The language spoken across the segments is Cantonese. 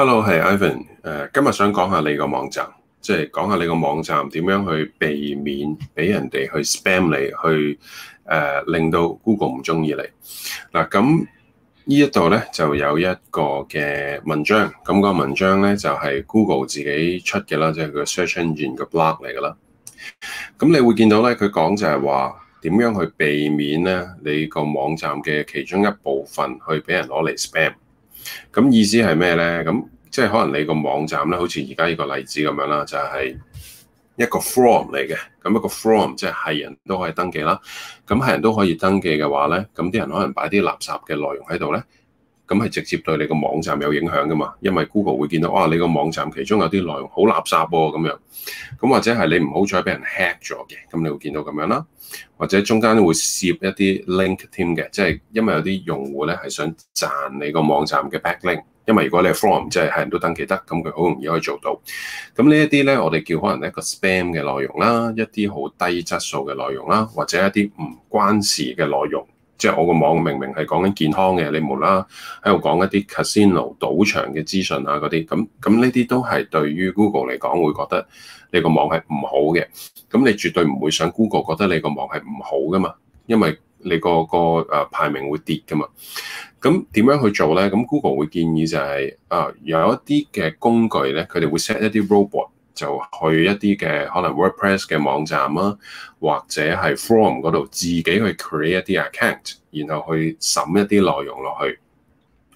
Hello，係 Ivan，誒，今日想講下你個網站，即係講下你個網站點樣去避免俾人哋去 spam 你，去誒令到 Google 唔中意你。嗱，咁呢一度咧就有一個嘅文章，咁個文章咧就係 Google 自己出嘅啦，即係佢個 search engine 嘅 blog 嚟嘅啦。咁你會見到咧，佢講就係話點樣去避免咧你個網站嘅其中一部分去俾人攞嚟 spam。咁意思係咩咧？咁即係可能你個網站咧，好似而家呢個例子咁樣啦，就係一個 form 嚟嘅。咁一個 form 即係係人都可以登記啦。咁係人都可以登記嘅話咧，咁啲人可能擺啲垃圾嘅內容喺度咧。咁係直接對你個網站有影響噶嘛？因為 Google 會見到，哇、啊！你個網站其中有啲內容好垃圾喎、啊，咁樣，咁或者係你唔好彩俾人 hack 咗嘅，咁你會見到咁樣啦。或者中間會攝一啲 link 添嘅，即係因為有啲用戶咧係想賺你個網站嘅 back link，因為如果你係 form 即係係人都登記得，咁佢好容易可以做到。咁呢一啲咧，我哋叫可能一個 spam 嘅內容啦，一啲好低質素嘅內容啦，或者一啲唔關事嘅內容。即係我個網明明係講緊健康嘅，你無啦喺度講一啲 casino 賭場嘅資訊啊嗰啲，咁咁呢啲都係對於 Google 嚟講會覺得你個網係唔好嘅，咁你絕對唔會想 Google 覺得你個網係唔好噶嘛，因為你個個誒排名會跌噶嘛。咁點樣去做咧？咁 Google 會建議就係、是、啊、呃、有一啲嘅工具咧，佢哋會 set 一啲 robot。就去一啲嘅可能 WordPress 嘅網站啦、啊，或者係 Forum 度自己去 create 一啲 account，然後去審一啲內容落去。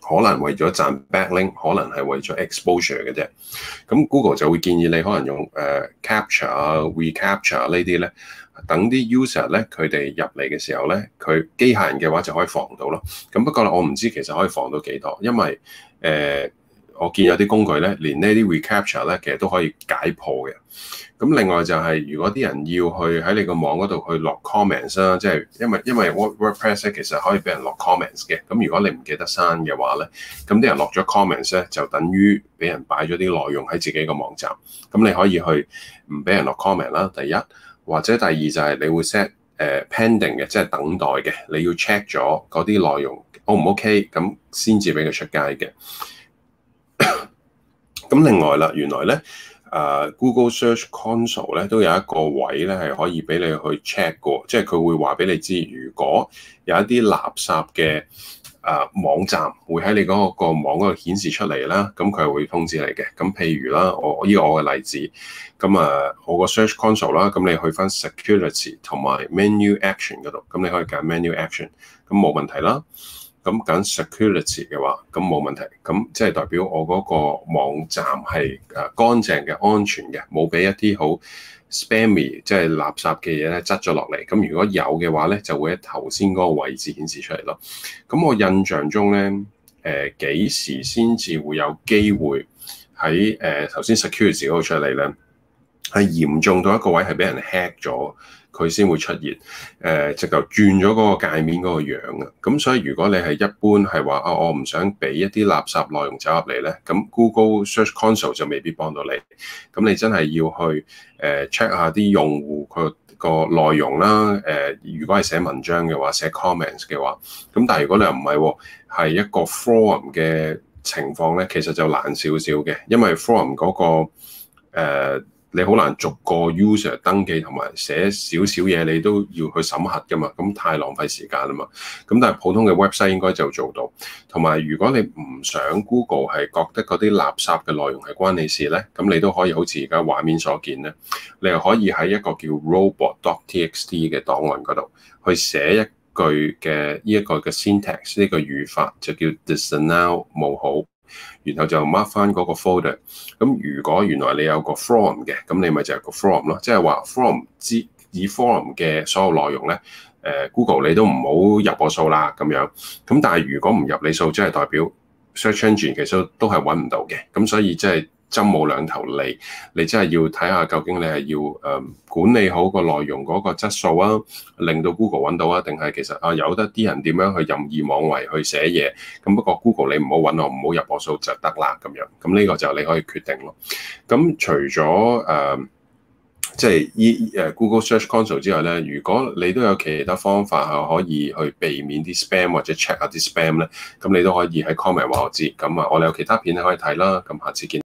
可能為咗賺 backlink，可能係為咗 exposure 嘅啫。咁 Google 就會建議你可能用誒 capture 啊、呃、recapture 啊呢啲咧，等啲 user 咧佢哋入嚟嘅時候咧，佢機械人嘅話就可以防到咯。咁不過啦，我唔知其實可以防到幾多，因為誒，呃我見有啲工具咧，連呢啲 recapture 咧，其實都可以解破嘅。咁另外就係，如果啲人要去喺你個網嗰度去落 comments 啦，即係因為因為 WordPress 咧，其實可以俾人落 comments 嘅。咁如果你唔記得刪嘅話咧，咁啲人落咗 comments 咧，就等於俾人擺咗啲內容喺自己個網站。咁你可以去唔俾人落 comment 啦。第一或者第二就係你會 set 誒 pending 嘅，即係等待嘅。你要 check 咗嗰啲內容 O 唔 OK？咁先至俾佢出街嘅。咁另外啦，原來咧，誒、啊、Google Search Console 咧都有一個位咧係可以俾你去 check 過，即係佢會話俾你知，如果有一啲垃圾嘅誒、啊、網站會喺你嗰個個網嗰度顯示出嚟啦，咁佢係會通知你嘅。咁譬如啦，我、這、依個我嘅例子，咁誒我個 Search Console 啦，咁你去翻 Security 同埋 Menu Action 嗰度，咁你可以揀 Menu Action，咁冇問題啦。咁講 security 嘅話，咁冇問題。咁即係代表我嗰個網站係誒乾淨嘅、安全嘅，冇俾一啲好 spammy 即係垃圾嘅嘢咧擠咗落嚟。咁如果有嘅話咧，就會喺頭先嗰個位置顯示出嚟咯。咁我印象中咧，誒、呃、幾時先至會有機會喺誒頭先 security 嗰度出嚟咧？係嚴重到一個位係俾人 hack 咗，佢先會出現。誒、呃，直頭轉咗嗰個界面嗰個樣啊！咁所以如果你係一般係話啊，我唔想俾一啲垃圾內容走入嚟咧，咁 Google Search Console 就未必幫到你。咁你真係要去誒 check、呃、下啲用戶佢個內容啦。誒、呃，如果係寫文章嘅話，寫 comments 嘅話，咁但係如果你又唔係喎，係一個 forum、um、u 嘅情況咧，其實就難少少嘅，因為 forum、um、u、那、嗰個、呃你好難逐個 user 登記同埋寫少少嘢，你都要去審核㗎嘛，咁太浪費時間啦嘛。咁但係普通嘅 website 應該就做到。同埋如果你唔想 Google 係覺得嗰啲垃圾嘅內容係關你事呢，咁你都可以好似而家畫面所見呢，你又可以喺一個叫 robot.txt 嘅檔案嗰度去寫一句嘅呢一個嘅 syntax 呢個語法，就叫 Disallow 冇好。然後就 mark 翻嗰個 folder。咁如果原來你有個 form 嘅，咁你咪就係個 form 咯。即係話 form 之以 form 嘅所有內容咧，誒 Google 你都唔好入我數啦咁樣。咁但係如果唔入你數，即係代表 search engine 其實都係揾唔到嘅。咁所以即係。針冇兩頭利，你真係要睇下究竟你係要誒管理好個內容嗰個質素啊，令到 Google 揾到啊，定係其實啊有得啲人點樣去任意妄為去寫嘢？咁不過 Google 你唔好揾我，唔好入我數就得啦咁樣。咁呢個就你可以決定咯。咁除咗誒即係、依、誒、Google Search Console 之外咧，如果你都有其他方法、啊、可以去避免啲 spam 或者 check 下啲 spam 咧，咁你都可以喺 comment 話我，我知。咁啊，我哋有其他片你可以睇啦。咁下次見。